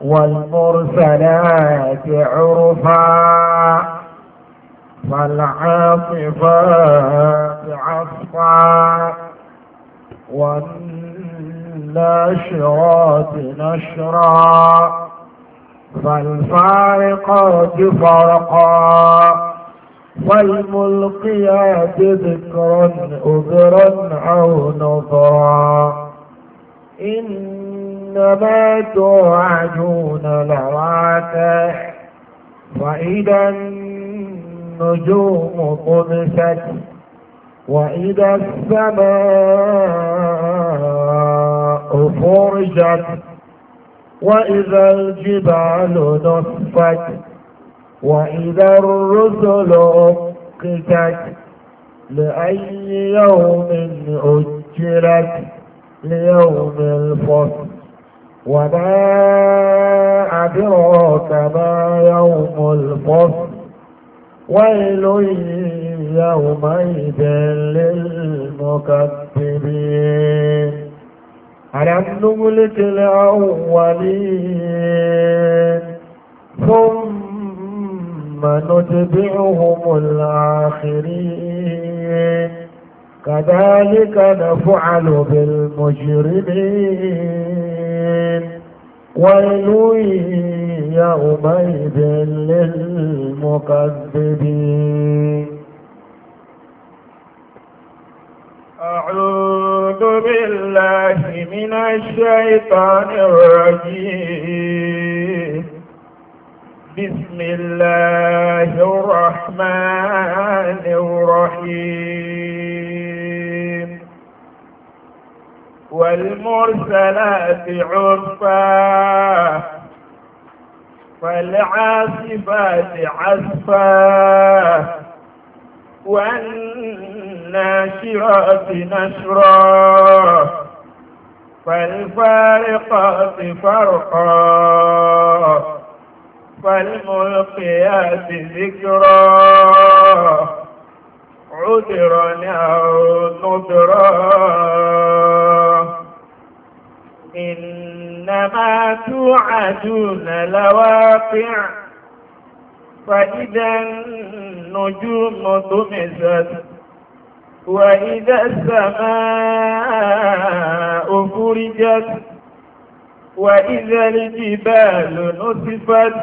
والمرسلات عرفا فالعاطفات عصفا والناشرات نشرا فالفارقات فرقا فالملقيات ذكرا أذرا أو نظرا إن إنما توعدون لواقع وإذا النجوم طمست وإذا السماء فرجت وإذا الجبال نصفت وإذا الرسل أقتت لأي يوم أجلت ليوم الفصل وما أدراك ما يوم الفصل ويل يومئذ للمكذبين ألم نملك الأولين ثم نتبعهم الآخرين كذلك نفعل بالمجرمين ويل يومئذ للمكذبين أعوذ بالله من الشيطان الرجيم بسم الله الرحمن الرحيم والمرسلات عرفا فالعاصفات عصفا والناشرات نشرا فالفارقات فرقا فالملقيات ذكرا عذرا أو نذرا إنما توعدون لواقع فإذا النجوم طمست وإذا السماء فرجت وإذا الجبال نصفت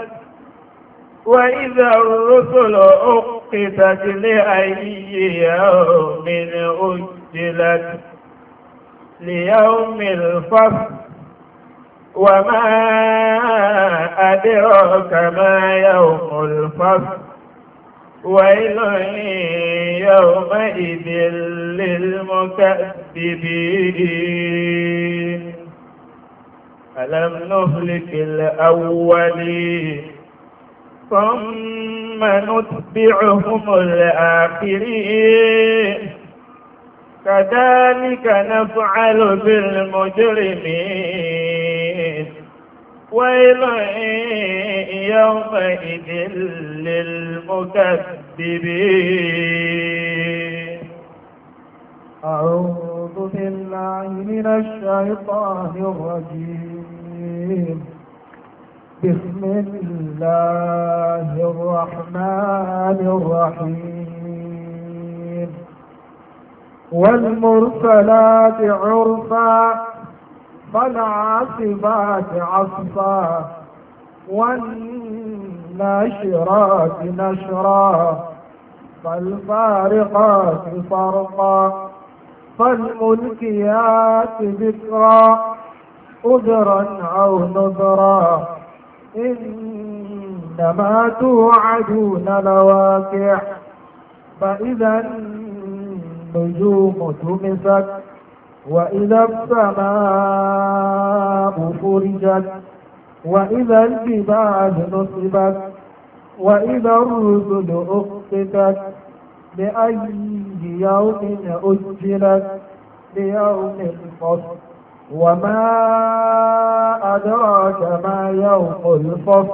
وإذا الرسل أقتت لأي يوم أجلت ليوم الفصل وما أدراك ما يوم الفصل ويل يومئذ للمكذبين ألم نهلك الأولين ثم نتبعهم الآخرين كذلك نفعل بالمجرمين ويل يومئذ للمكذبين أعوذ بالله من الشيطان الرجيم بسم الله الرحمن الرحيم والمرسلات عرفا فالعاصفات عصفا والناشرات نشرا فالفارقات فرقا فالملكيات ذكرا قدرا أو نذرا إنما توعدون لواقع فإذا النجوم تمسك وإذا السماء فرجت وإذا الجبال نصبت وإذا الرسل أقتت لأي يوم أجلت ليوم الفصل وما أدراك ما يوم الفصل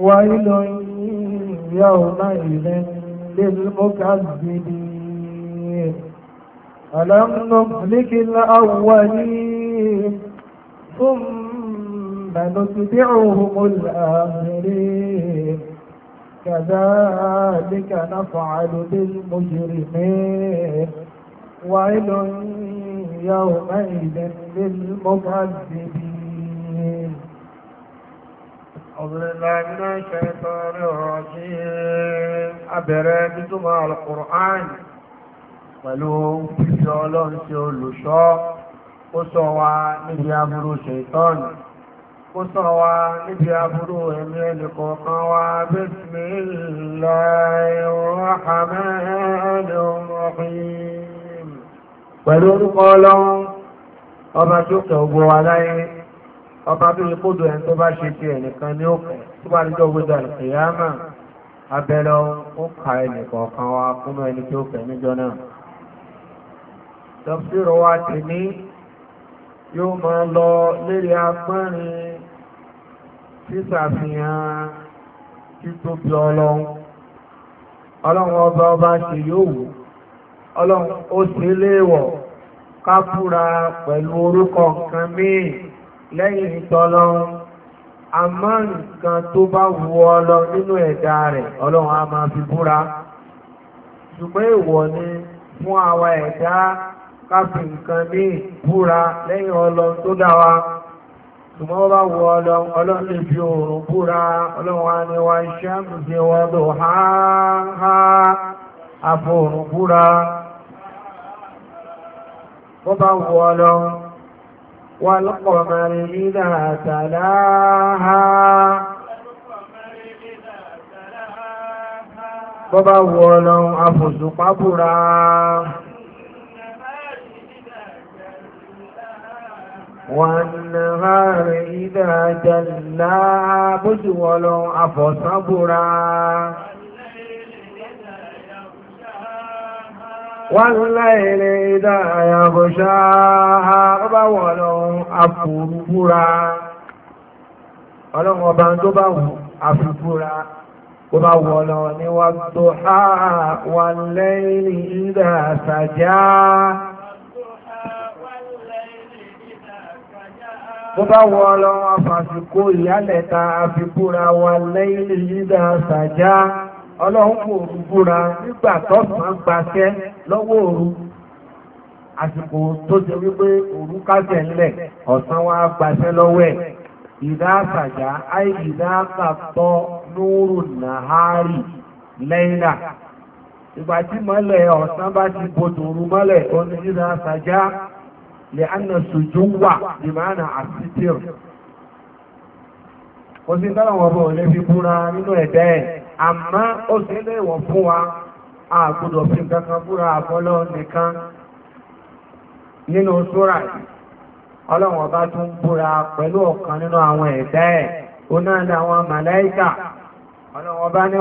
ويل يومئذ للمكذبين ألم نهلك الأولين ثم نتبعهم الآخرين كذلك نفعل بالمجرمين ويل يومئذ للمكذبين أعوذ بالله من الشيطان الرجيم أبرد مع القرآن pẹ̀lú fífi ọlọ́run ṣe olùṣọ́ ó ṣọ́ wa níbi aburú ṣètọ́nù ó ṣọ́ wa níbi aburú ẹ̀mí ẹnìkọ̀ọ̀kan wa bismillahir rahmanir rahim pẹ̀lú orúkọ ọlọ́run ọba tí ó kẹ ògbó wa láyé ọba bí ìkódò ẹni tó bá ṣe ní òkè tó bá níjọ́ gbéjà abẹ́lọ́ ó ka ẹnìkọ̀ọ̀kan wa kúnú ẹni tí ó kẹ níjọ́ náà tafsiro wa ti ní yóò mọ́ lọ lérí apẹ́rin sísàfihàn títóbi ọlọ́run ọlọ́run ọba ọba ṣe yóò wù ọlọ́run ó ṣe léèwọ̀ ká fúra pẹ̀lú orúkọ nǹkan míì lẹ́yìn ìtọ́lọ́run àmọ́ nǹkan tó bá wù ọ lọ nínú ẹ̀dá rẹ̀ ọlọ́run á máa fi búra ṣùgbọ́n èèwọ̀ ni fún àwa ẹ̀dá káfí nǹkan ní búra lẹ́yìn ọlọ́run tó dá wa ṣùgbọ́n wọ́n bá wọ ọlọ́run lè fi oòrùn búra ọlọ́run wa ni wa iṣẹ́ àmùsẹ̀ wọ́n lò ha wọ ọlọ́run wà lọ́pọ̀ mẹ́rin والنهار إذا جلاها بجول أفصبرا والليل إذا يغشاها بول أفبرا ọlọ́run ọba tó bá wù àfikúra ó bá wù ọlọ́run ni wà tó há wà lẹ́yìn ìdá àsàjá Bó bá wọ ọlọ́run afàfikó ìyálẹ̀ta àfikúra wa lẹ́yìn ìyídà sàjá, ọlọ́run kò rúgbúra nígbà tọ́sàn gbaṣẹ́ lọ́wọ́ òru. Àsìkò tó ṣe wípé òru kásẹ̀ ńlẹ̀, ọ̀sán wa gbaṣẹ́ Ìdá ìdá ìgbà tí mọ́lẹ̀ ọ̀sán bá ti bodò mọ́lẹ̀ lẹ́hánà sùjúwà nwa àsìtìr ó sì dára wọn bọ̀ lẹ́fi búra nínú ẹ̀dá ẹ̀ àmọ́ ó sì lé wọ̀ fún wa fi kankan búra àfọlọ́ nìkan nínú sóra ọba tún búra pẹ̀lú ọ̀kan nínú àwọn ẹ̀dá ẹ̀ ọba ti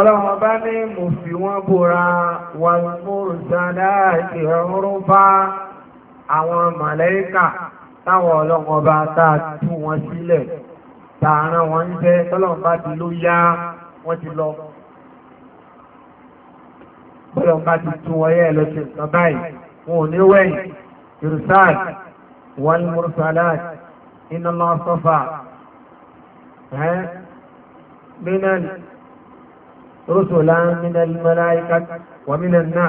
ọlọ́run bá ní mo fi wọ́n búra wà múrù sádá àti ọrún bá àwọn màlẹ́ríkà táwọn ọlọ́run ọba tá a tú wọn sílẹ̀ tààrà wọn ń jẹ́ tọ́lọ́run ti ló yá wọ́n ti lọ bọ́lọ́run ti tú wọn yẹ́ ẹ lọ sí nǹkan báyìí wọn ò ní wẹ̀yìn irusal wal mursalat inna Allah safa rúsùlá nílẹ̀ mẹ́láíkà wàmílẹ̀ náà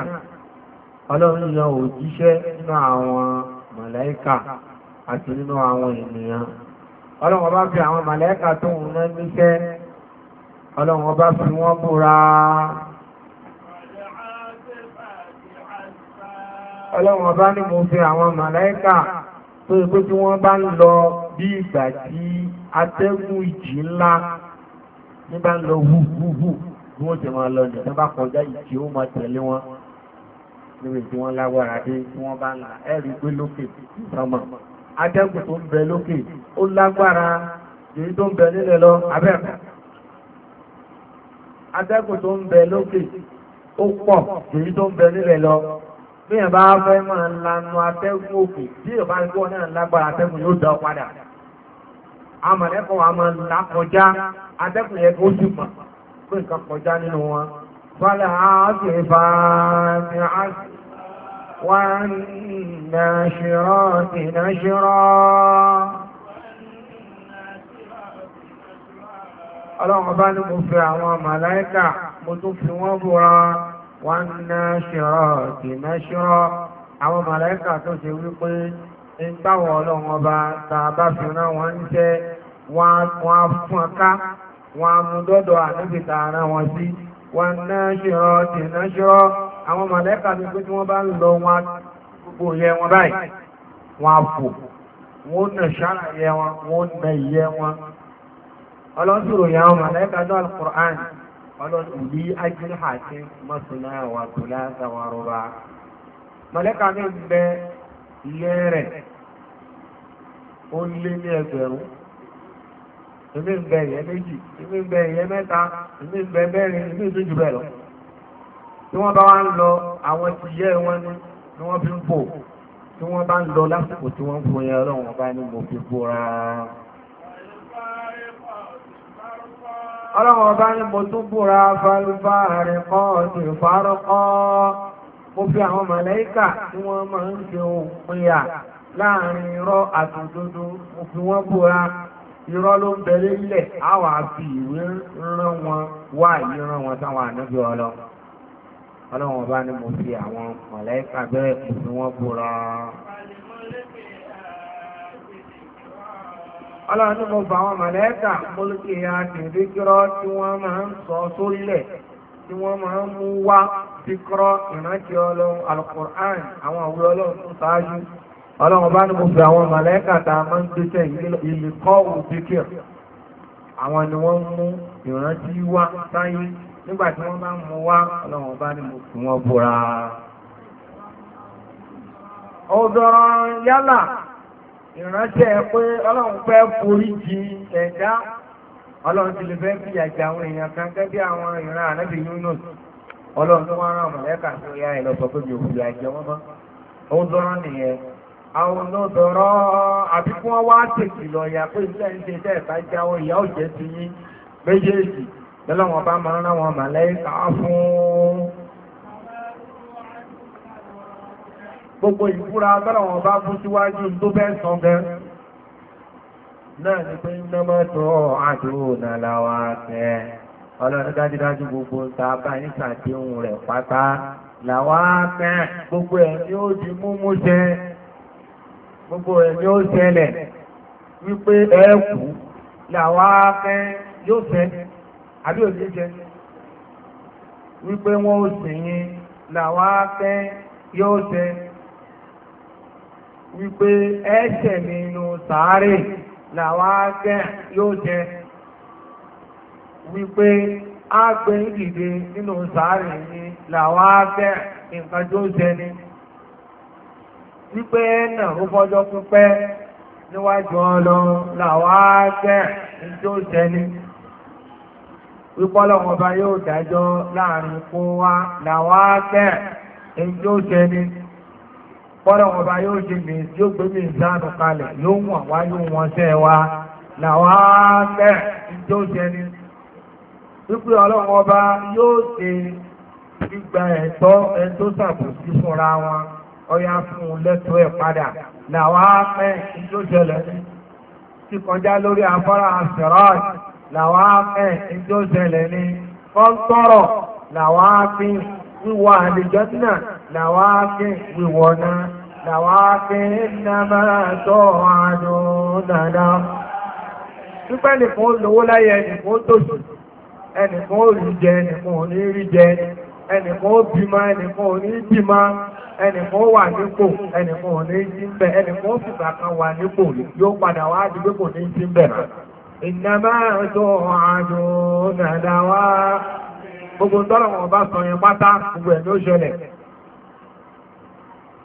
ọlọ́run yan òjíṣẹ́ nínú àwọn màláíkà àti nínú àwọn ènìyàn ọlọ́run ọba fi àwọn màláíkà tó ń ná níṣẹ́ ọlọ́run ọba fi wọ́n búra ọlọ́run ọba ní mo fi àwọn màláíkà tó ikú tí wọ́n bá ń lọ bí ìgbà tí atẹ́gùn ìjì ńlá ní bá ń lọ hù hù hù bí wọ́n ti máa lọ jẹ̀ tó bá kọjá yìí tí ó máa tẹ̀lé wọn níbi tí wọ́n lágbára dé tí wọ́n bá là ẹ̀rí gbé lókè sọmọ adẹ́gùn tó ń bẹ lókè ó lágbára èyí tó ń bẹ nílẹ̀ lọ abẹ́rẹ́ adẹ́gùn tó ń bẹ lókè ó pọ̀ èyí tó ń bẹ nílẹ̀ lọ bí ẹ̀ bá fẹ́ máa lanu atẹ́gùn òkè tí ìbá ń gbọ́ náà lágbára atẹ́gùn yóò dá padà amọ̀lẹ́kọ̀ọ́ àmọ́ làkọjá atẹ́gùn yẹn kó sì mọ̀ pé nǹkan kọjá nínú wọn fọ́lá àti fàámi àti wọ́n na ṣírọ́ ti na ṣírọ́ ọlọ́run bá ní mo fi àwọn màláíkà mo tún fi wọ́n búra wọ́n na ṣírọ́ ti ṣírọ́ àwọn màláíkà tó ṣe wípé ń ọlọ́run ọba tàbá fi rán ń jẹ́ wọ́n á fún ọká wọn a mú dọ́dọ̀ wọn sí wọn náà ṣírọ́ tì náà ṣírọ́ àwọn mọ̀lẹ́kà ní pé tí wọ́n bá ń lọ wọn gbogbo yẹ wọn báyìí wọn a fò wọn ó ṣára yẹ wọn wọn ó yẹ wọn ọlọ́sùrù yà mọ̀lẹ́kà ní alukur'an bí ìmí ń bẹ ìyẹn méjì ìmí ń bẹ ìyẹn mẹ́ta ìmí ń bẹ mẹ́rin ìmí ń jù bẹ́ẹ̀ lọ tí wọ́n bá wá ń lọ àwọn ti yẹ wọn ní ni wọ́n fi ń bò tí wọ́n bá ń lọ lásìkò tí wọ́n ń fún yẹn ọlọ́run bá ní mo fi bóra ọlọ́run ọba ní mo tún bóra falúfààrẹ kọ́ ọ̀sìn ìfárọ́kọ́ mo fi àwọn màlẹ́kà tí wọ́n máa ń ṣe òpin à láàrin irọ́ àtòdodo mo fi wọ́n bóra irọ́ ló ń bẹ̀rẹ̀ ilẹ̀ àwọn àfi ìwé rán wọn wá ìran wọn táwọn ànábì ọlọ ọlọ́wọ́n bá ní mo fi àwọn mọ̀lẹ́kà bẹ́ẹ̀ kù sí wọ́n búra ọlọ́run ní mo bá àwọn mọ̀lẹ́kà mọ́lùkì àdìrí kírọ́ tí wọ́n máa ń sọ sórílẹ̀ tí wọ́n máa ń mú wá síkírọ́ ìrántí ọlọ́run alukur'an àwọn òwe ọlọ́run tó ṣáájú ọlọ́run bá ní mo fi àwọn màlẹ́kà tá a máa ń gbéṣẹ́ ìlẹ̀kọ́ òbíkìr àwọn ni wọ́n mú ìrántí wá sáyé nígbà tí wọ́n bá ń mú wá ọlọ́run bá ní mo fi wọ́n búra. ọ̀dọ̀rọ̀ yálà ìrántí ẹ pé ọlọ́run fẹ́ forí jì ẹ̀dá ọlọ́run ti lè fẹ́ fi àjà àwọn èèyàn kan gẹ́gẹ́ bí àwọn ìran ànábì Yunus ọlọ́run tó wá rán màlẹ́kà sí ọyá ẹ̀ lọ sọ pé mi ò fi àjẹ wọn mọ́ ó dọ́rọ́ nìyẹn àwọn olóòdọ̀rọ̀ àbí kí wọ́n wá tèkì lọ ìyà pé ilẹ̀ ń ṣe bẹ́ẹ̀ bá jáwọ́ ìyà ò jẹ́ ti yín méjèèjì lọ́lọ́wọ́n bá máa rán wọn màlẹ́kà fún gbogbo ìbúra tọ́lọ̀wọ́n bá fún síwájú tó bẹ́ sọ gẹ́ náà ni pé nọ́mọ́tọ́ àdúrónà láwá tẹ́ ọlọ́run dájúdájú gbogbo ẹ̀ ni ó di múmú jẹ́ gbogbo ẹ̀ ni ó ṣẹlẹ̀ wípé ẹ̀ẹ́kù làwọn afẹ́ yóò ṣẹ àbí òṣèlú ṣẹ wípé wọ́n ó sìn yín làwọn afẹ́ yóò ṣẹ wípé ẹ̀ṣẹ̀ nínú sàárè làwọn afẹ́ yóò ṣẹ wípé àgbẹ̀ ìdìde nínú sàárè ni làwọn afẹ́ nǹkan tó ṣẹ ni. wípé náà ó fọ́jọ́ pípẹ́ níwájú ọlọ́run làwọn á jẹ́ tí ó tẹ́lẹ̀ wípọ́lọ̀ ọba yóò dájọ́ láàrin fún wa làwọn á jẹ́ tí ó tẹ́lẹ̀ pọ́lọ̀ ọba yóò ṣe mí yóò gbé mi ìdánù kalẹ̀ yóò wọ̀n wá yóò sẹ́ wa làwọn á tí ó tẹ́lẹ̀ wípé ọlọ́run ọba yóò ṣe gbígba ẹ̀tọ́ ẹ̀ tó fúnra wọn ọya fún un lẹ́tọ́ ẹ̀ padà làwọn afẹ́ ìjọ́jẹlẹ̀ ti kọjá lórí afárá àṣẹrọ́ọ̀t làwọn afẹ́ ìjọ́jẹlẹ̀ ni kọ́ńtọ́rọ̀ làwọn afẹ́ wíwọ àlìjọ́nà làwọn afẹ́ wíwọ náà làwọn afẹ́ ìnàbà tó àdùn dáadáa. Pípẹ́ nìkan lówó láyé ẹnìkan tòṣì ẹnìkan ò rí jẹ ẹnìkan ò ní rí jẹ ẹnìkan ẹnìkan ó bímọ ẹnìkan ò ní bímọ ẹnìkan ó wà nípò ẹnìkan ò ní jí ń bẹ ẹnìkan ó fìgbà kan wà nípò yóò padà wá di pé kò ní jí ń bẹ rà. ìnáwó ẹjọ́ àjò nàdà wá gbogbo tọ́lọ̀ wọn bá sọ yẹn pátá gbogbo ẹ̀ ló ṣẹlẹ̀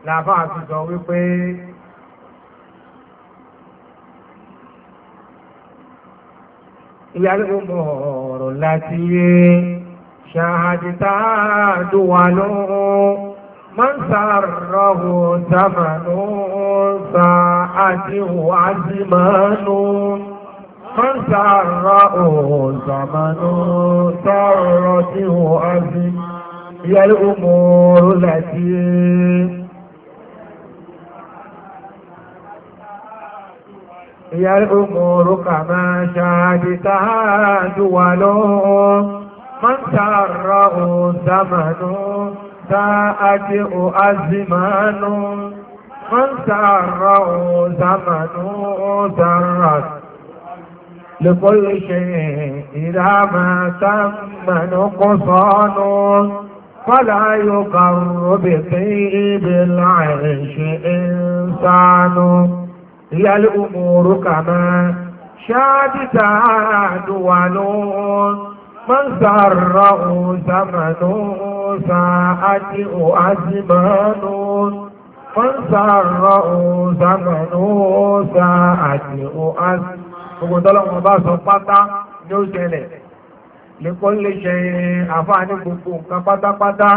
làbá àti sọ wípé ìyá ló mọ̀ ọ̀rọ̀ láti yé. شهد دول من سره ثمن ساعته عزمان من سره ثمن سرته عزمان هي الأمور التي هي الأمور كما شهدتها دول من سره زمن ساءت أزمان من سره زمن سرت لكل شيء إذا ما تم نقصان فلا يقر بطيب العيش إنسان هي الأمور كما شادتها دول mọ́sàárọ̀ òṣàmàlú sàájì òájìmọ́nù mọ́sàárọ̀ òṣàmàlú sàájì òájìmọ́nù gbogbo tọ́lọ́wọ́n bá sọ pátá ní ó ṣẹlẹ̀ lẹ́kọ́ lè ṣe àfáà ní gbogbo nǹkan pátápátá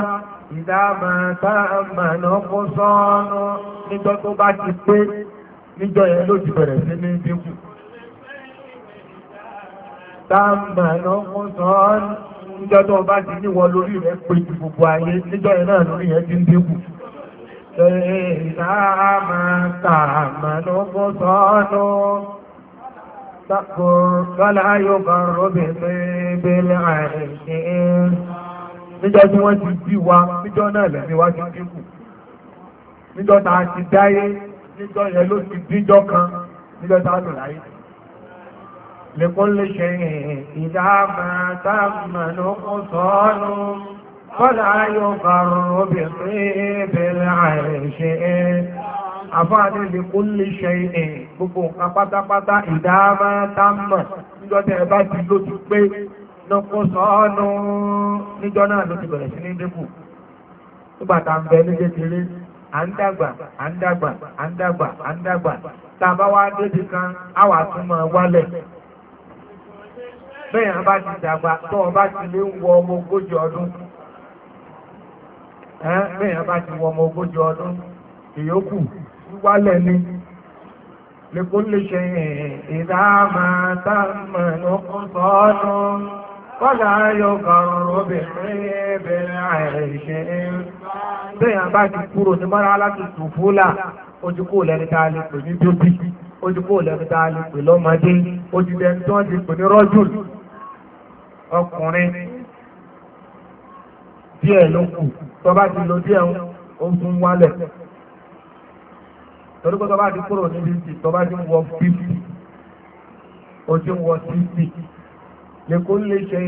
ìdáàmà táàmà kó sọ́ọ́nù níjọ́ tó bá ti pé níjọ́ yẹn ló ti bẹ̀rẹ̀ sí ní dínkù táàmà lọ mú sọ́ọ́n níjọ́ tó bá ti níwọ lórí rẹ̀ pé gbogbo ayé níjọ́ ẹ̀ náà lórí ẹ̀ ti ń dínkù táàmà táàmà lọ mú sọ́ọ́nù تقر فلا يقر بطيب العين níjọ́ tí wọ́n ti bí wa níjọ́ náà lẹ́ni wá ti dínkù níjọ́ ta ti dáyé níjọ́ yẹn ló ti díjọ́ kan níjọ́ ta lò láyé لكل شيء إذا ما تم نقصان فلا يقر بطيب العيش àfáàní lè kó lè ṣe ẹ̀ gbogbo nǹkan pátápátá ìdáàmà táàmà níjọ́ tẹ́ bá ti ló ti pé lọ́kọ́ sọ́ọ́nù níjọ́ náà ló ti bẹ̀rẹ̀ sí ní dẹ́kù nígbàtà ń bẹ ní kékeré à ń dàgbà à ń dàgbà à ń dàgbà à ń dàgbà tàbá wá débi kan á wà tún mọ̀ wálẹ̀ bẹ́ẹ̀ yàn bá ti dàgbà tó ọba ti lé ń wọ ọmọ ogójì ọdún bẹ́ẹ̀ yàn bá ti wọ ọmọ ogójì ọdún ìyókù wálẹ̀ ni lèkún lè ṣe ìdáàmà táàmà lókún sọ́ọ́nù kọ́lá yóò kọrùn obìnrin ẹbẹ̀rẹ̀ àìṣẹ́ bẹ́ẹ̀ yàn bá ti kúrò ní mọ́ra láti tùfúlà ojú kò lẹ́ni tá a lè pè ní bíbí ojú kò lẹ́ni tá a lè pè lọ́mọdé ojú lẹ́ni tó ń ti pè ní rọ́jùlù ọkùnrin díẹ̀ ló kù tó bá ti lo díẹ̀ ó tún wálẹ̀ torí pé tó bá ti kúrò níbi tí tó bá ti wọ fífì ó ti wọ fífì lẹ́kọ́ lè ṣe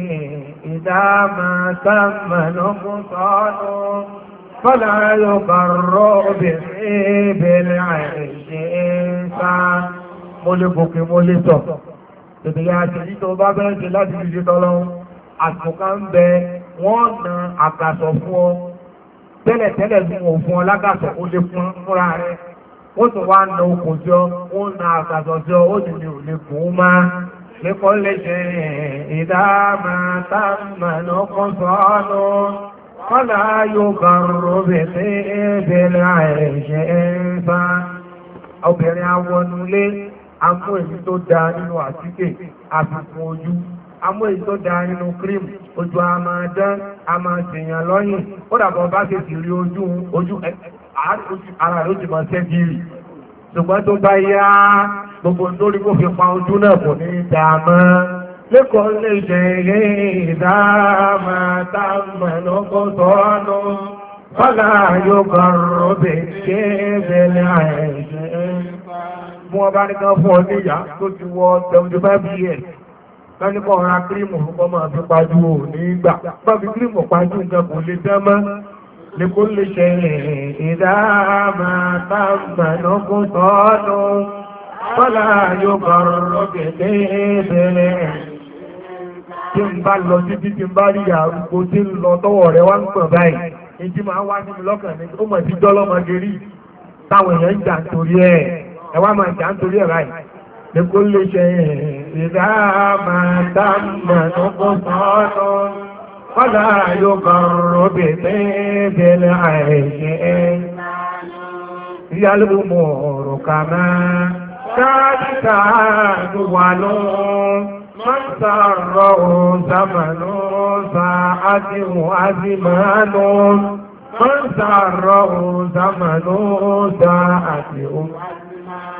ìdáàmà sáàmà lọ́kùn sọ́ọ́nù fọ́lá yóò bá rọ́ obìnrin bẹ̀rẹ̀ àìṣe ń sá mo lè gòkè mo lè tọ̀ tètè yá ṣe ní tó bá bẹ́ẹ̀ ṣe láti fi ṣe tọ́lọ́run àtùnká ń bẹ wọ́n na àgàsọ̀ fún ọ tẹ́lẹ̀tẹ́lẹ̀ mú wọn fún ọ lágàsọ̀ ó lè fún fúnra rẹ̀ ó tún wá na okùn jọ ó na àgàsọ̀ jọ ó sì ní òlè gùn má lẹ́kọ́ lẹ́sẹ̀ ìdáàmà táàmà ọkọ̀ sọ́ọ́nù kọ́lá yóò gbàrúrú bèbè bèbè láì ṣe é ń fa obìnrin awọnulé amú èyí tó dáa nínú àtíkè àfikún ojú amú èyí tó dáa nínú cream ojú a máa dán a máa ṣèyàn lọ́yìn ó dàbọ̀ bá ṣe sì rí ojú ojú ara rẹ̀ ó ti máa ṣẹ́gìrì ṣùgbọ́n tó bá yá gbogbo lórí kó fi pa ojú náà kò ní dààmú lẹ́kọ̀ọ́ lè ṣẹ̀rẹ̀ ìdáàmà táàmà lọ́kọ́ sọ́ọ́nù fọ́lá yóò kọ̀rọ̀ bẹ̀ẹ́ bẹ̀ẹ́ mú ọba ní kan fún ọ ní ìyá tó ti wọ 75 years lọ́nìkọ̀ ọ̀rá kírímù ọkọ̀ máa fi pajú ò ní gbà bá fi kírímù pajú nǹkan kò lè dán mọ́ ní kó lè ṣe ìdáàmà táàmà lọ́kùn tọ́ọ̀nù kọ́lá yóò kọ̀rọ̀ gẹ̀gẹ́ ìbẹ̀rẹ̀ tí ń bá lọ títí tí ń bá rí táwọn èèyàn ń jà nítorí ẹ̀ ẹwà máa jà ń torí ẹ̀rá yìí ní kó lè ṣe ìdá máa dá mọ̀ tó kó sọ́ọ́nù kọ́lá yóò kan rọ́bì mọ́sàrọ̀ òsàmàlú sàádìmù àdìmánú mọ́sàrọ̀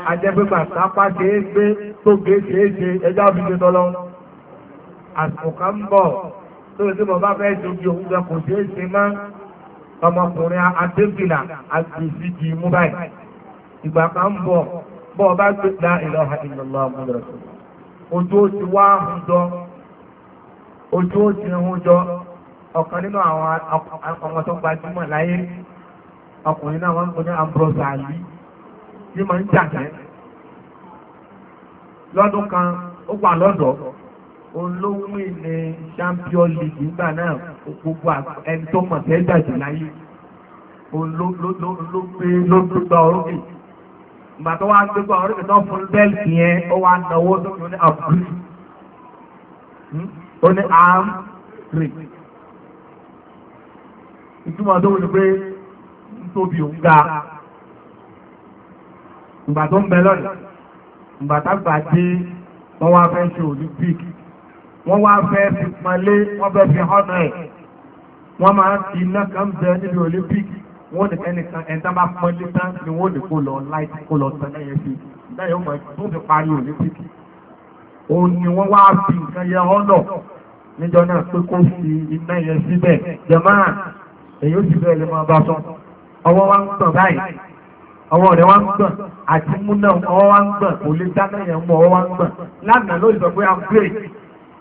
ajẹ́gbẹ́gbà sápá ṣe é gbé tó gé ṣe é ṣe ẹjá òbí ṣe tọ́lọ́ àsùnkà ń bọ̀ tó lè tí bọ̀ bá fẹ́ dojú òun gan kò ṣe é ṣe mọ́ ọmọkùnrin adébìlà àgbèsíjì mú báyìí ìgbà kan ń bọ̀ bọ́ ọ bá gbé la ilaha illallah ọmọdé ojú ó ti wá ọkùnrin náà wọ́n ń pè ní Ambrose Ali ní máa ń jàjẹ́ lọ́dún kan ó wà lọ́dọ̀ olówó ní champion league nígbà náà gbogbo ẹni tó mọ̀ tẹ́ jàjẹ́ láyé olóògbé orókè ìgbà tó wá orókè fún bẹ́ẹ̀lì yẹn ó wá náwó ní àbúrú ó ní hmm? ìtumọ̀ ìgbà tó ń bẹ lọ́dọ̀ ìgbà tágbà dé wọ́n wá fẹ́ ṣe olympic wọ́n wá fẹ́ fi pọnlé wọ́n fẹ́ fi hánà ẹ̀ wọ́n máa ń fi iná kan bẹ níbi olympic wọ́n ní ẹnìkan ẹ̀ńtá bá pọnlé tán ni wọ́n ní kó lọ láìsí kó lọ tán lẹ́yìn sí lẹ́yìn ó mọ̀ tó fi parí olympic òun ni wọ́n wá fi nǹkan yẹ hánà níjọ náà pé kó fi iná yẹn síbẹ̀ jẹ̀máà èyí ó sì bẹ́ẹ̀ lè máa bá sọ ọwọ́ wa ń tàn báyìí ọwọ́ rẹ̀ wá ń gbọ̀n àti múná ọwọ́ wá ń gbọ̀n kò lè dáná yẹn mọ́ ọwọ́ wá ń gbọ̀n lánàá ló sọ pé i'm great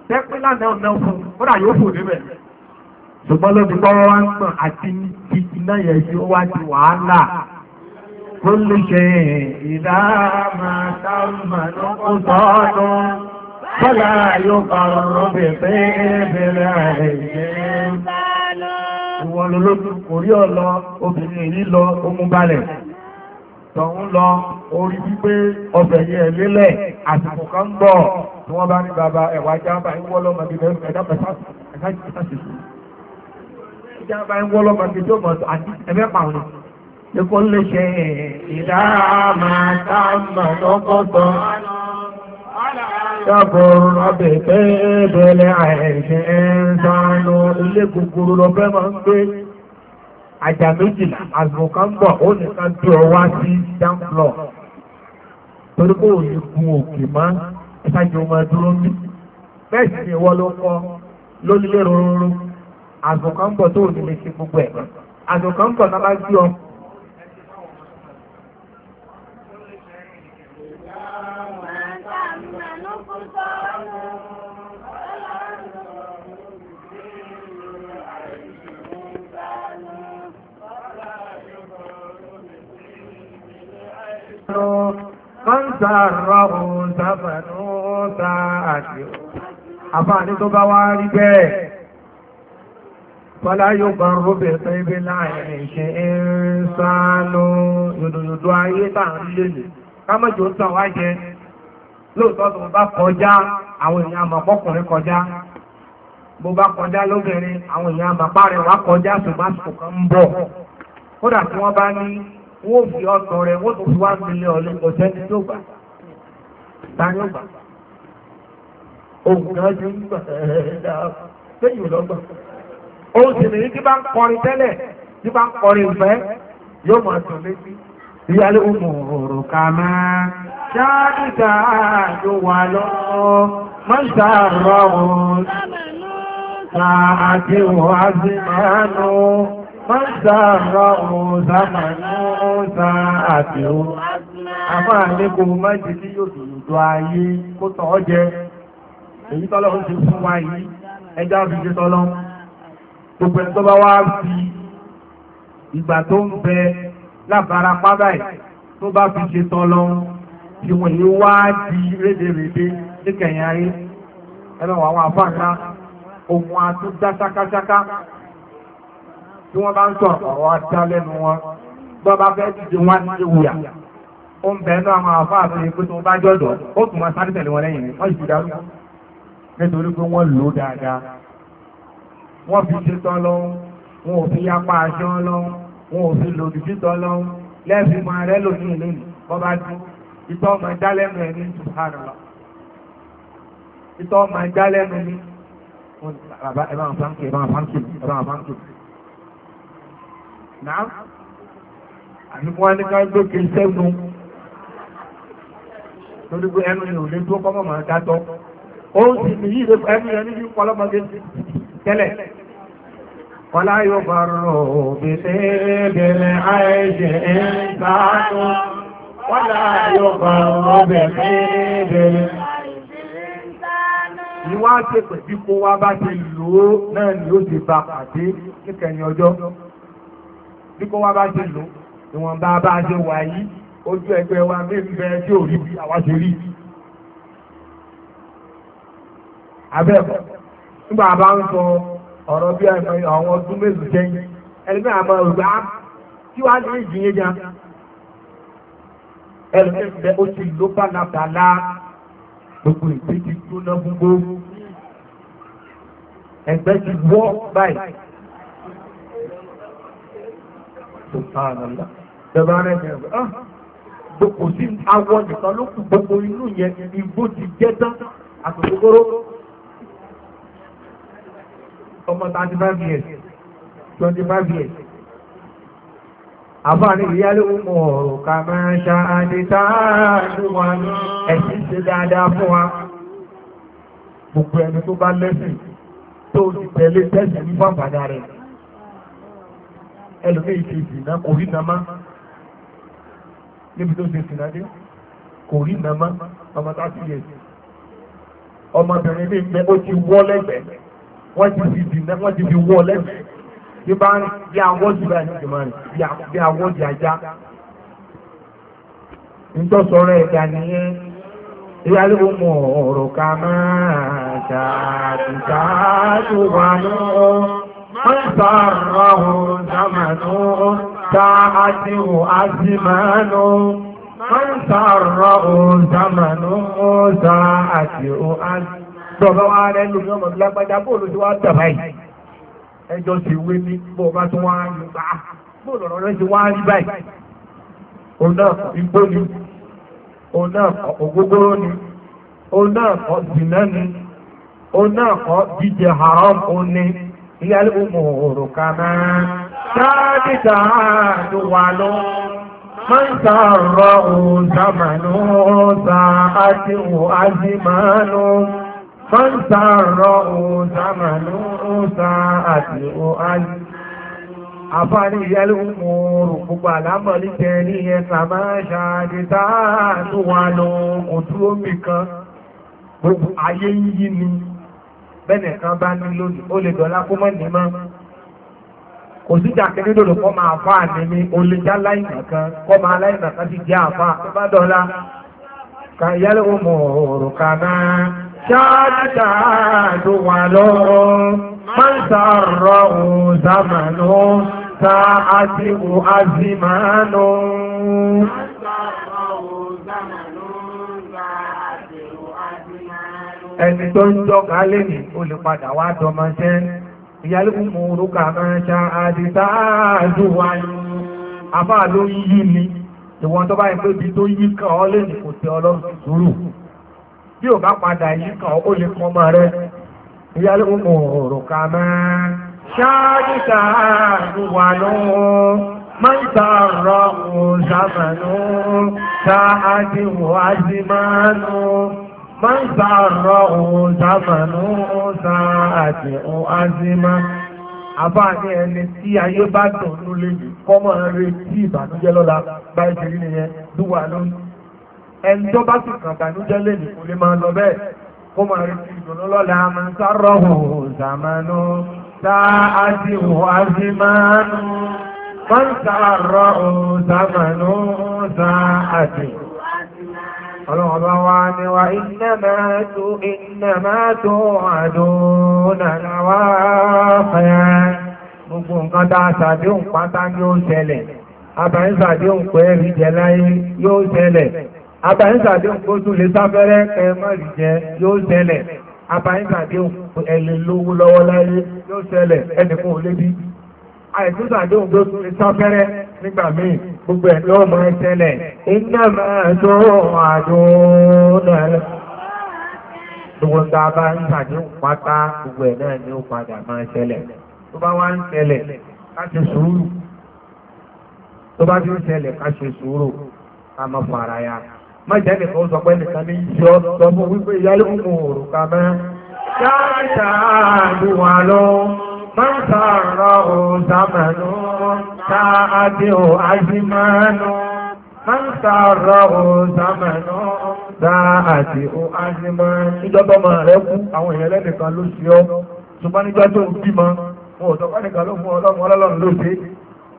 tẹ́pẹ́ lánàá ọ̀nà fún kódà yóò fò débẹ̀ ṣùgbọ́n ló ti gbọ́wọ́ wá ń gbọ̀n àti iná yẹn tí ó wá di wàhálà kó lè ṣe ìdáàmà táwọn ọ̀tọ̀ọ̀nù kọ́lá yóò bá ọ̀rọ̀ bẹ̀rẹ̀ bẹ̀rẹ̀ àìyẹ́ ìwọ̀n lọ́lọ́dún kò rí ọ̀lọ́ obìnrin yìí lọ ó mú balẹ̀ tọ̀hún lọ orí wípé ọbẹ̀ yẹ lélẹ̀ àsìkò kan bọ̀ tí wọ́n bá ní bàbá ẹ̀wà jábà ń wọ́lọ́ màgídẹ́ ẹ̀dá Ikú lè ṣe ìdáàmà táàmà lọ́kọ́tọ̀. Ṣọ́bùn ọbẹ̀ pé bẹ̀lẹ̀ àìṣẹ́ ń sánú ilé kúkúrú lọ fẹ́ máa ń gbé àjà méjìlá àgbò kan bọ̀ ó ní ká gbé ọ wá sí downfloor torí kó o lè gun òkè mọ́ ìsájú ọmọ dúró mí bẹ́ẹ̀ sì ni ìwọ ló kọ́ lónílé rororo àgbò kan bọ̀ tó ò ní lè ṣe gbogbo ẹ̀ àgbò kan bọ̀ náà bá gbé ọ Kọ́ńtà rọrùn sáfẹ̀nú ta àti a bá wá rí bẹ́ẹ̀. Fọlá yóò gbọ́n rúbẹ̀ pé bí láàrin ṣe ń sá lọ ayé tàà ń Kámọ́jò ń tàn wá jẹ. tó bá kọjá, àwọn èèyàn kọjá. Bó bá kọjá lóbìnrin, àwọn èèyàn wọ́n fi ọ̀sán rẹ̀ wọ́n tó fi wá mílẹ̀ ọ̀lẹ́ ọ̀sẹ́ni tó gbà tani ó gbà ohun kan ti ń gbà ẹ̀ẹ́dá lẹ́yìn ìlọ́gbà ohun sì nìyí tí bá ń kọrin tẹ́lẹ̀ tí bá ń kọrin ìfẹ́ yóò máa tọ̀ létí ìyálé ohun ká máa ṣáàdìta yóò wà lọ́wọ́ mọ́ṣá rọ̀ ọ̀hún ṣáà àti ìwọ̀n àti ìmọ̀ àánú. Mọ́sàárọ̀ òòsà màánú òòsà àti ó. Àmọ́ àlékò májì tí yóò dòdò ayé kó tọ́ jẹ. Èyí tọ́lọ́ ń ti fún wa yìí, ẹjá fi ṣe tọ́lọ́. Gbogbo ẹni tó bá wá fi Ìwọ̀n àwọn àfáàná, òun àtúndá ṣákáṣáká tí wọ́n bá ń sọ̀rọ̀ ọ̀rọ̀ ajá lẹ́nu wọn bọ́ bá fẹ́ dìde wọn ní ìwúyà ó ń bẹ̀ náà máa fà àti pé tó bá jọ́dọ̀ ó tún wọn sáré tẹ̀lé wọn lẹ́yìn rẹ̀ wọ́n yìí dárú nítorí pé wọ́n lò dáadáa wọ́n fi ṣe tán lọ́wọ́ wọn ò fi yapa aṣọ lọ́wọ́ wọn ò fi lòdì sí tán lọ́wọ́ lẹ́ẹ̀fi máa rẹ́ lòdì ìlú ni bọ́ bá dú ìtọ́ ọmọ ẹja lẹ́nu ẹ̀ ní subhanallah ìtọ́ ọmọ ẹja lẹ́nu ní náà àníkọ́ wá ní ká gbókè sẹ́gun lórí pé ẹnu ni ò lè tó kọ́mọ̀ máa dátọ́ ó sì ní yìí lẹ́kọ̀ọ́ ẹnu yẹn níbi pọlọ́mọdé tẹ́lẹ̀ Kọlá yóò bọ̀rọ̀ òbí sí ìbẹ̀rẹ̀ àìṣẹ́ ìgbàánú. Kọlá yóò bọ̀rọ̀ òbí sí ìbẹ̀rẹ̀ Ìwá ṣe pẹ̀bí kó wá bá ṣe lòó náà ni ó ti bá pàdé kíkẹ́ ọjọ́ bí kò wá bá ṣe lò ìwọ̀nba bá ṣe wà yìí ojú ẹgbẹ́ wa mí ń tí ò rí bí àwa ṣe rí. abẹ́ẹ̀kọ́ nígbà bá ń sọ ọ̀rọ̀ bí àwọn ọdún mélòó sẹ́yìn ẹni náà máa rògbà tí ah, wàá ní ìjìyẹn jà ẹlẹ́gbẹ̀ẹ́ ó ti ló bàlàbàlà gbogbo ìpínlẹ̀ tó náà gbogbo ẹgbẹ́ ti wọ́ báyìí subhanallah tẹ́bá rẹ̀ ní ẹ̀rọ ah gbogbo sí awọ nìkan ló kù gbogbo inú yẹn igbó ti jẹ́ tán àtòkòkòrò ọmọ 35 years 25 years àbáni ìyálé ọmọ ọ̀rọ̀ ká máa ṣá àdítà àdúwà ẹ̀sìn ṣe dáadáa fún wa gbogbo ẹni tó bá lẹ́sìn tó ti tẹ̀lé tẹ́sì ní pàpàdà rẹ̀ ẹlòmí ìṣe ìsìnà kò rí nàmá níbi tó ṣe ìsìnà dé kò rí nàmá ọmọ tàbí yẹ ọmọbìnrin ní ìpẹ́ ó ti wọ́ lẹ́gbẹ̀ẹ́ wọ́n ti fi ìsìnà wọ́n ti fi wọ́ lẹ́gbẹ̀ẹ́ bí bá ń bí awọ́dì bá ní ìjọba rẹ̀ bí awọ́dì ajá nítọ́sọ̀rọ̀ ẹ̀dá nìyẹn ìyálé ọmọ ọ̀rọ̀ ká máa ṣàtìṣàtò wà náà mọ́ta àwọn نور ساعته أزمان من سره زمن ساعته أزمان Bọ̀bá wa rẹ̀ lórí ọmọ lágbàjá bóòlù tí wá tàbá yìí. Ẹjọ́ sì wé ní bọ̀bá tó wá rí bá. Bóòlù ọ̀rọ̀ rẹ̀ ti wá rí báyìí. Òun náà igbó ni. Òun náà ògógóró ni. Òun náà kọ́ haram òun ni. Ìyá òrùka náà sáàdìdà àdúwà lọ máa ń sàárọ̀ òun sàmàlú ọ̀sà àti òun àjímàánú máa ń sàárọ̀ òun sàmàlú ọ̀sà àti òun àjímàánú àfáàní ìyẹ́lú mòrò gbogbo àlámọ̀lí jẹ ní ẹ̀sà máa ṣàdìdà àdúwà lọ òtúrò mìkan gbogbo ayé yìí ni bẹ́ẹ̀ òsíjà kiri lòlò kọ́ máa fà ní ní olùjá kan kọ́ máa láìnà kan ti jẹ́ àfà tó dọ́lá ka yẹ́lẹ̀ ó ọ̀rọ̀ kan náà ṣáàtà tó wà lọ́rọ̀ máa ń sàárọ̀ òun ta àti òun àzìmánú. ẹni tó ń tọ́ka lẹ́yìn olùpadà wá dọmọ jẹ́ yàlùmùrù kàmà ṣà àdìsá àjòwà àbá ló ń yí ni ìwọ̀n tó bá yẹ pé ibi tó yí kan ọ́ lè ní kò tẹ ọlọ́run sùúrù bí ò bá padà yí kan ó lè kan ọmọ rẹ yàlùmùrù kàmà ṣà àdìsá àjòwà máa ń gba ọ̀rọ̀ òun sáfàánú òun sa àti òun azima àbá ní ẹni tí ayé bá dùn ló lè yìí kọ́mọ̀ rẹ̀ tí ìbànújẹ́ lọ́la bá ìṣe rí nìyẹn lúwà lónìí ẹni tó bá sì kàn bànújẹ́ lè nìkú lè máa lọ bẹ́ẹ̀ kọ́mọ̀ rẹ̀ tí ìdùnnú lọ́la máa ń sárọ̀ òun sàmánú sa àti òun azima máa ń sárọ̀ òun sàmánú sa àti òun ọlọ́run bá wá إنما wa ìnàmà tó àdúnà láwá fẹ́ gbogbo nǹkan tá a sàdéhùn pátá yóò ṣẹlẹ̀ abàyín sàdéhùn pé rí jẹ láyé yóò ṣẹlẹ̀ abàyín sàdéhùn pé oṣù lè sáfẹ́rẹ́ pé mọ́ rí jẹ yóò ṣẹlẹ̀ abàyín sàdéhùn ẹ̀lẹ́ lówó lọ́wọ́ láyé yóò ṣẹlẹ̀ ẹnìkan ò lébí àìsísàdéhùn tó tún lè sáfẹ́rẹ́ nígbà míì gbogbo ẹ̀ lọ́wọ́ mọ́ ẹsẹ̀lẹ̀ iná máa tó àdúrún náà gbogbo bá ń sàdéhùn pátá gbogbo ẹ̀ náà ni ó padà máa ṣẹlẹ̀ tó bá wá ń ṣẹlẹ̀ ká ṣe sùúrù tó bá ti ń ṣẹlẹ̀ ká ṣe sùúrù ká má fara ya má jẹ́ nìkan sọ pé nìkan ní yọ sọ wípé ìyá من سره زمن ساعده أزمان من سره زمن ساعده أزمان ìjọ tọ́mọ rẹ̀ kú àwọn èèyàn lẹ́nìkan ló ṣe ọ́ ṣùgbọ́n níjọ́ tó ń bímọ mo ò tọ́kọ́ nìkan ló fún ọlọ́run ọlọ́run ló ṣe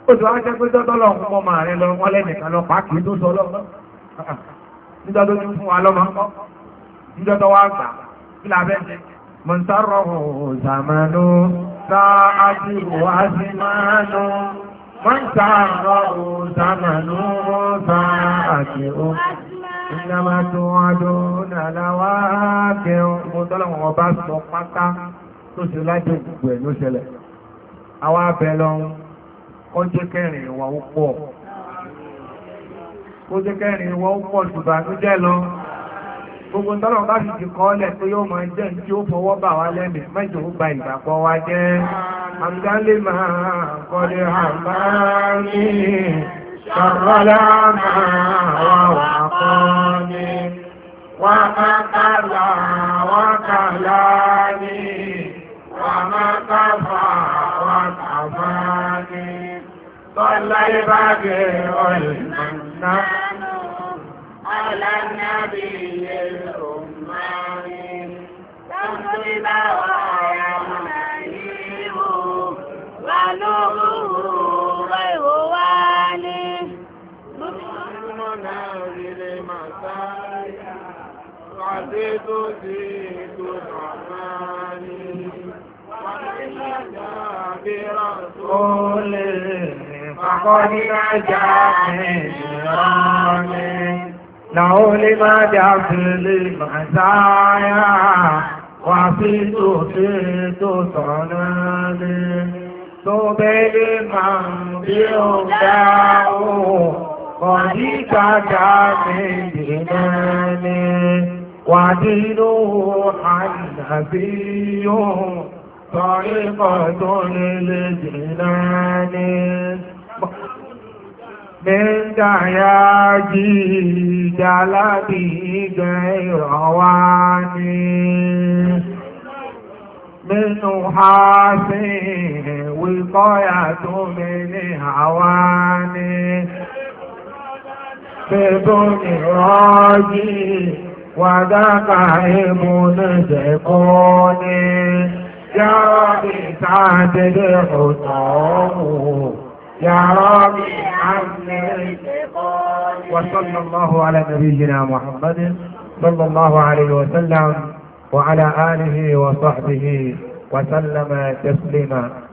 ó ti wá jẹ́ pé tọ́tọ́lọ́run mọ́ máa rẹ̀ lọ wọ́n lẹ́nìkan lọ pàákì tó sọ ọlọ́run níjọ́ tó ti fún wa lọ́mọ níjọ́ tó wá gbà kí la fẹ́ منتره زمن ساعته وزمان منتره زمن ساعته إنما توعدون لواقع mọ́tọ́lọ́wọ́ ọba sọ pátá tó ṣe lájẹ́ gbogbo ẹ̀ ló ṣẹlẹ̀ àwọn abẹ lọ kó jẹ́ kẹrin ìwà ó pọ̀ kó kẹrin ìwà ó pọ̀ ṣùgbọ́n àtújẹ́ lọ gbogbo tọ́lọ̀ bá fi ti kọ́ọ́lẹ̀ tó yóò máa jẹ́ tí ó fọwọ́ bà wá lẹ́mẹ̀ mẹ́jọ ó gba ìgbàpọ̀ wa jẹ́ àmdálé máa kọ́lé àmà ní máa wà wà kọ́ ní wà mákàlá ní wà mákàfà ní tọ́lá ìbàgẹ́ ọ̀lẹ́mọ̀ náà. على النبي الأمي تنصب ويا منعيم ونوره غير والي مسلمنا بالمسائل عزيز زيد الرحمن ومن برسوله فقد نجا من رامي له لما جعل معزايا وعصيت وصيت صلالي توبي لمن بيوداه وذيك جامي جناني ودينه حنفي طريقة للجنان من دعياجي جلبي غير واني من حاسي وقاية من هواني ببن راجي ودقائم نزقوني يا ربي تعدل حطامه يا رابي وصلى الله على نبينا محمد صلى الله عليه وسلم وعلى آله وصحبه وسلم تسليما